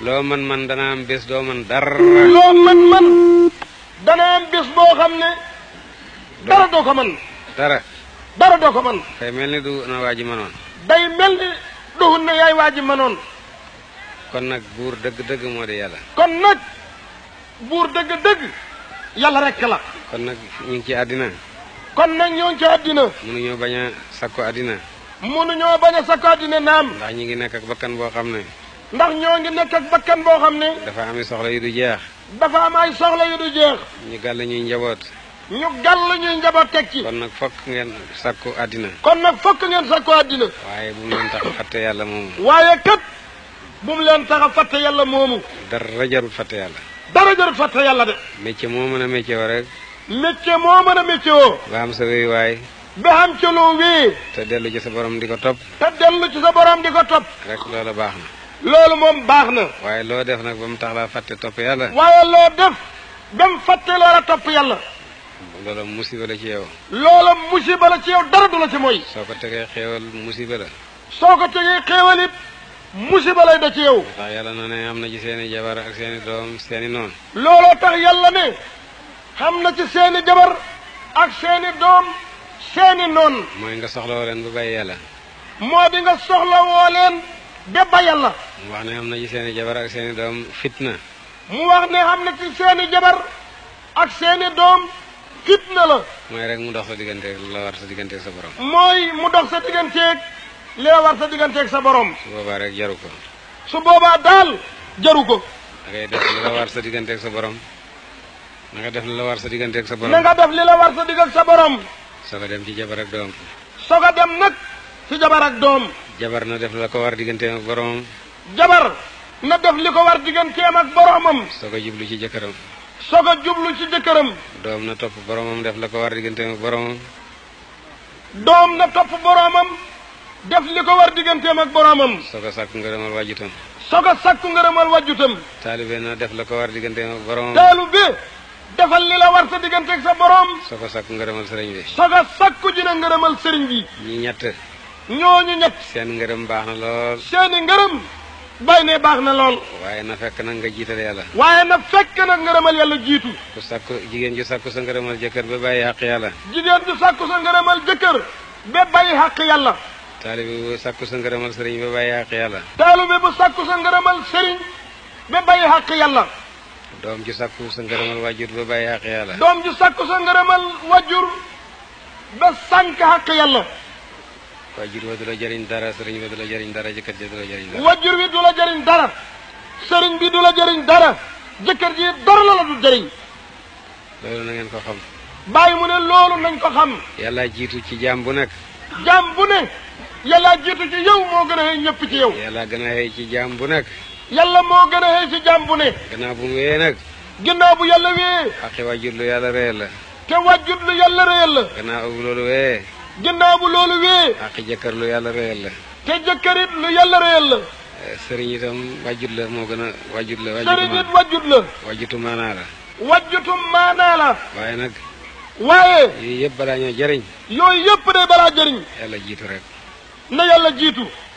loo man man dana am bés doo man dara. loo man man dana xam ne. dara doo ko man dara. dara doo ko man day mel ni du na waa ji mënoon. day mel ni duhun na yaay waa ji mënoon. kon nag buur dëgg-dëgg moo di yàlla. kon nag buur dëgg-dëgg yàlla rek la. kon nag ñu ngi ci àddina. kon nag ñoo ngi ci àddina. mënuñoo bañ a sakko àddina. mënuñoo bañ a sakko àddina naam. ndax ñu ngi nekk ak bakkan boo xam ne. ndax ñoo ngi nekk ak bakkan boo xam ne. dafa am soxla yu du jeex. dafa am ay soxla yu du jeex. ñu gàll ñuy njaboot. ñu gàll ñuy njaboot teg ci. kon nag fokk ngeen sakku àddina. kon nag fokk ngeen sakku àddina. waaye bu mu leen tax a fàtte yàlla moomu. waaye kat bu mu leen tax a fàtte yàlla moomu. dara jarul fàtte yàlla. dara yàlla de. métier moo mën a métier woo rek. métier moo mën a métier woo. ba am sa wéy waay. am ca loo wéy. te dellu ci sa borom di ko topp. te dellu ci sa borom di ko topp. rek loola baax na. loolu moom baax na. waaye loo def nag ba mu tax laa fàtte topp yàlla. waaye loo def ba mu fàtte loola topp yàlla. loola musiba la ci yow. loola musiba la ci yow dara du la ci mooy. soo ko tegee xéewal musiba la. soo ko tegee xéewal it musiba lay da ci yow. ndax yàlla na ne am na ci seen i jabar ak seen i doom noon. looloo tax yàlla ne xam na ci seeni i jabar ak seen i doom seen noon. mooy nga soxla woo leen ba bàyyi yàlla. moo di nga soxla leen. bépp ba yàlla. mu wax ne am na ci seeni jabar ak seeni doom fitna. mu wax ne am na ci seeni jabar ak seeni doom fitna la. mooy rek mu dox sa digganteeg la war sa digganteeg sa borom. mooy mu dox sa digganteeg li la war sa digganteeg sa borom. su boobaa rek jaru ko. boobaa daal jaru ko. da ngay def li la war sa digganteeg sa borom. na nga def li la war sa digganteeg sa borom. na nga def li la war sa digganteeg sa borom. soo ko dem ci jabar ak doom. soo ko dem nag. ci jabar ak doom jabar na def la ko war digganteem ak boromam jabar na def li ko war digganteem ak boromam soo ko jublu ci jëkkëram soo ko jublu ci jëkkëram doom na topp boromam def la ko war digganteem ak boromam doom na topp boromam def li ko war digganteem ak boromam soo ko sàkku ngërëmal wàjjutam soo ko sàkku ngërëmal wàjjutam taalibe na def la ko war digganteem ak boromam taalibe defal li la war sa digganteeg sa borom soo ko sàkku ngërëmal sëriñ bi soo ko sàkku dina ngërëmal sëriñ bi ñett ñu ñëpp seen ngërëm baax na lool seeni ngërëm bay baax na lool waaye na fekk nag nga jiital yàlla waaye na fekk nag ngërëmal yàlla jiitu ku sàkku jigéen ju sàkku sa ngërëmal jëkkër ba bàyyi xàq yàlla jigéen ju sàkku sa ngërëmal jëkkër ba bàyyi xàq yàlla taalibe bu sàkku sa ngërëmal sëriñ ba bàyyi xàq yàlla taalibe ba bàyyi xàq doom ju sàkku sa ngërëmal wajur ba bàyyi xàq yàlla doom ju sàkku sa ngërëmal wajur ba sànk xàq yàlla waajur wa du la jëriñ dara sëriñ wa du la jëriñ dara jëkkër ji du la jëriñ dara. sëriñ bi du la jëriñ dara jëkkër ji dara la la du jëriñ. loolu na ngeen ko xam. bàyyi mu ne loolu nañ ko xam. yàlla jiitu ci jaam bu nekk. jaam bu ne yàlla jiitu ci yow moo gën a xëy ñëpp ci yow. yàlla gën a xëy ci jaam bu nekk. yàlla moo gën a xëy ci jaam bu ne. gannaaw bu mu wee nag. gannaaw bu yàlla wee. xaqi waajur lu yàlla réyal la. te lu yàlla réyal la. gannaaw loolu wee. ginnaaw bu loolu wee. àq ah, jëkkër lu yàlla reyal la. te jëkkërit lu yàlla reyal la. Eh, sëriñ itam wàjjut la moo gën a wàjjut la. sëriñ it wàjjut la. wàjjutu maanaa la. la. waaye nag. waaye. yooyu yëpp balaa ñoo yooyu yëpp de balaa jëriñ. yàlla jiitu rek. na yàlla jiitu.